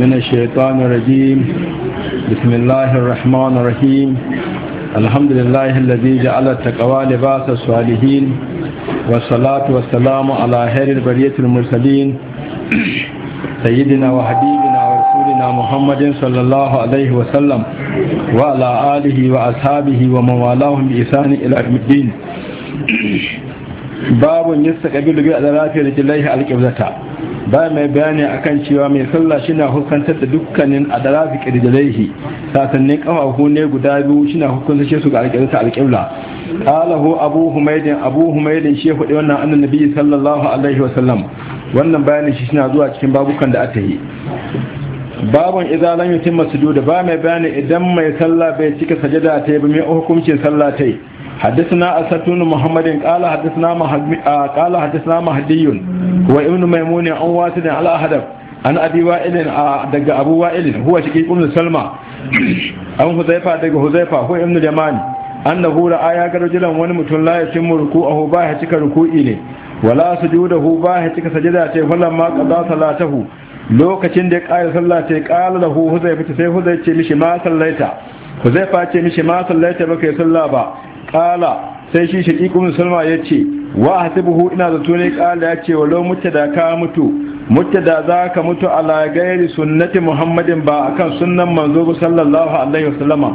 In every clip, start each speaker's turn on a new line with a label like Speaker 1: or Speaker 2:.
Speaker 1: من الشيطان الرجيم بسم الله الرحمن الرحيم الحمد لله الذي جعل التقوى لباس الصالحين والصلاة والسلام على خير البرية المرسلين سيدنا وحبيبنا ورسولنا محمد صلى الله عليه وسلم وعلى آله وأصحابه ومن والاهم بإحسان إلى يوم الدين باب يستقبل بأدراك رجليه القبلة ba mai bayani akan cewa mai sallah shina hukuntar da dukkanin adala fi kirjilaihi sasannin kafafu ne guda biyu shina hukuntar su ga alƙibla alƙibla qalahu abu humaydin abu humaydin shi hudu wannan annabi sallallahu alaihi wa sallam wannan bayanin shi na zuwa cikin babukan da aka yi babun idza lam yutimma sujud ba mai bayani idan mai sallah bai cika sajada ta yi ba mai hukuncin sallah ta حدثنا أساتون محمد قال حدثنا محمي... آه قال حدثنا مهدي وابن ميمون عن واسد على هدف عن أبي وائل آه دق أبو وائل هو شقيق بن سلمى عن حذيفة دق حذيفة هو ابن اليماني annahu ra'a wani mutum la ya cimma ruku'ahu ba cika ruku'i ne wala sujudahu ba ya cika sajada ce falan ma qada salatahu lokacin da ya ƙara sallah ce qala lahu huzaifa sai huzaifa ce mishi ma sallaita huzaifa ce mishi ma sallaita baka yi sallah ba kala sai shi shaqiq ibn ya ce wa hasibuhu ina zato kala ya ce walau mutu da ka mutu mutu da za ka mutu ala gairi sunnati muhammadin ba akan sunnan manzo sallallahu alaihi wasallama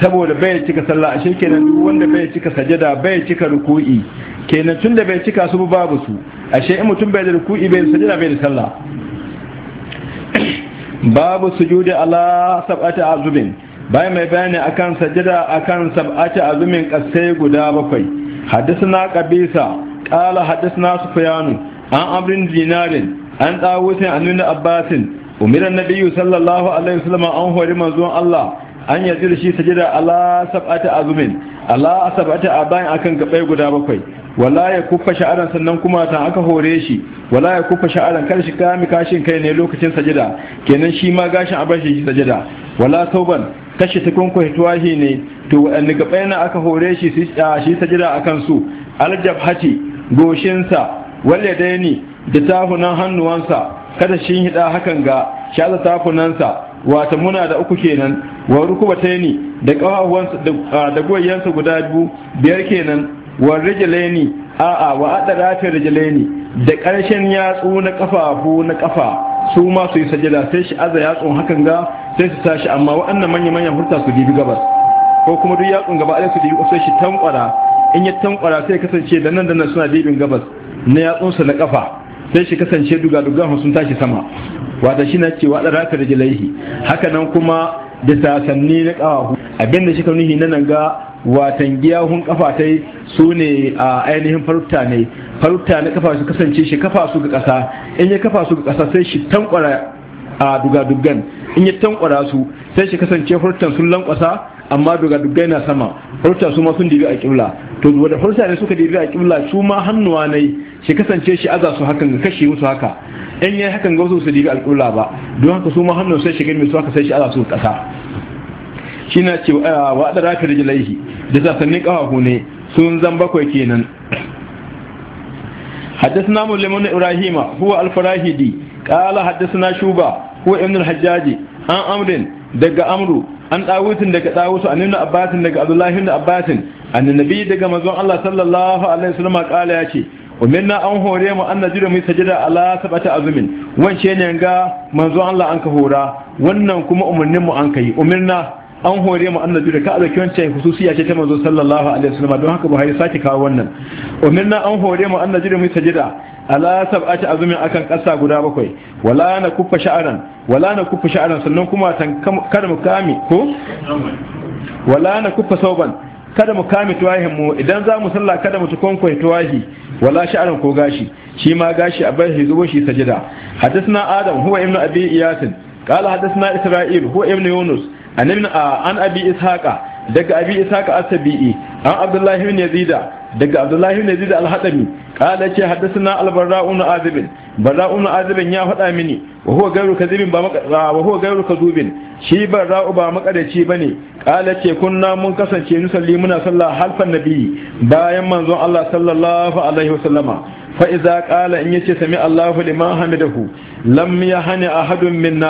Speaker 1: saboda bai cika sallah ashe kenan duk wanda bai cika sajada bai cika ruku'i kenan tun da bai cika su babu su ashe in mutum bai da ruku'i bai da sajada bai da sallah babu sujudi ala sab'ati azubin bayan mai bayani akan sajada akan sab'ati azumin qasse guda bakwai hadisna qabisa qala hadisna sufyan an abrin dinarin an dawusin annabi abbasin umira nabiyyu sallallahu alaihi wasallam an hori manzon allah an yajir shi sajada ala sab'ati azumin ala sab'ati abain akan gabai guda bakwai wala ya kuffa sha'aran sannan kuma ta aka hore shi wala ya kuffa sha'aran kar shi kami kashin kai ne lokacin sajada kenan shi ma gashin abashi shi sajada wala sauban kashi ta kun kwaituwahi ne to waɗanda ga bayana aka hore shi shi jira a kansu hati goshinsa wale daini da tafunan hannuwansa kada shi hida hakan ga shaza tafunansa wata muna da uku kenan wa ni da kafafuwansa da goyyansa guda biyu biyar kenan wa rijlaini a'a wa ta rijlaini da ƙarshen yatsu na kafafu na ƙafa. su ma su yi sajada sai shi aza yatsun hakan ga sai su tashi amma waɗannan manya manyan hurta su dibi gabas ko kuma duk yatsun gaba ɗaya su dibi sai shi tankwara in ya tankwara sai kasance da nan da nan suna dibin gabas na yatsunsa na kafa sai shi kasance duga duga sun tashi sama wata shi na cewa da raka da jilaihi haka nan kuma da sasanni na kawahu abinda shi ka nuhi na nan ga watan giyahun kafa ta su ne a ainihin farauta ne farauta na kafa su kasance shi kafa su ga ƙasa in ya kafa su ga ƙasa sai shi tankwara a dugadugan in ya tankwara su sai shi kasance farauta sun lankwasa amma dugadugan na sama farauta su ma sun dibi a kibla to da farauta ne suka dibi a kibla su ma hannuwa ne shi kasance shi aza su hakan kashe musu haka in yi hakan ga su dibi a kibla ba don haka su ma hannu sai shi gani su haka sai shi aza su kasa shi na ce wa adara ka rijlaihi da sassanin kafafu ne sun bakwai kenan حدثنا مولى بن ابراهيم هو الفراهيدي قال حدثنا شوبه هو ابن الحجاج عن امر دغ امرو an dawutin daga dawutu an ibn abbasin daga abdullahi ibn abbasin annabi daga manzon Allah sallallahu alaihi wasallam kala yace umirna an hore mu an najira mu sajada ala sabata azumin wance ne ga manzon Allah an ka hora wannan kuma umurnin mu an kai umirna an hore mu annabi da ka a dauki wancan hususiya ce ta manzo sallallahu alaihi wasallam don haka Buhari saki kawo wannan na an hore mu annabi da mu sajida ala sab'ati azumin akan kasa guda bakwai wala na kuffa sha'aran wala na kuffa sha'aran sannan kuma tan kada mu kame ko wala na kuffa sauban kada mu kame tuwahin mu idan za mu sallah kada mu tukonkwai tuwahi wala sha'aran ko gashi shi ma gashi a bai shi shi sajida hadisna adam huwa ibnu abi iyasin qala hadisna isra'il huwa ibnu Yunus. an an abi ishaqa daga abi ishaqa as-sabi'i an abdullahi ibn yazida daga abdullahi ibn yazida al-hadami qala ce haddathana al-barra'un azib barra'un azib ya faɗa mini wa huwa gairu kadhibin ba wa huwa gairu kadhubin shi barra'u ba makadaci bane qala ce kunna mun kasance nusalli muna sallah halfan nabi bayan manzon Allah sallallahu alaihi wasallama fa idza qala in yace sami Allahu liman hamidahu lam yahani ahadun minna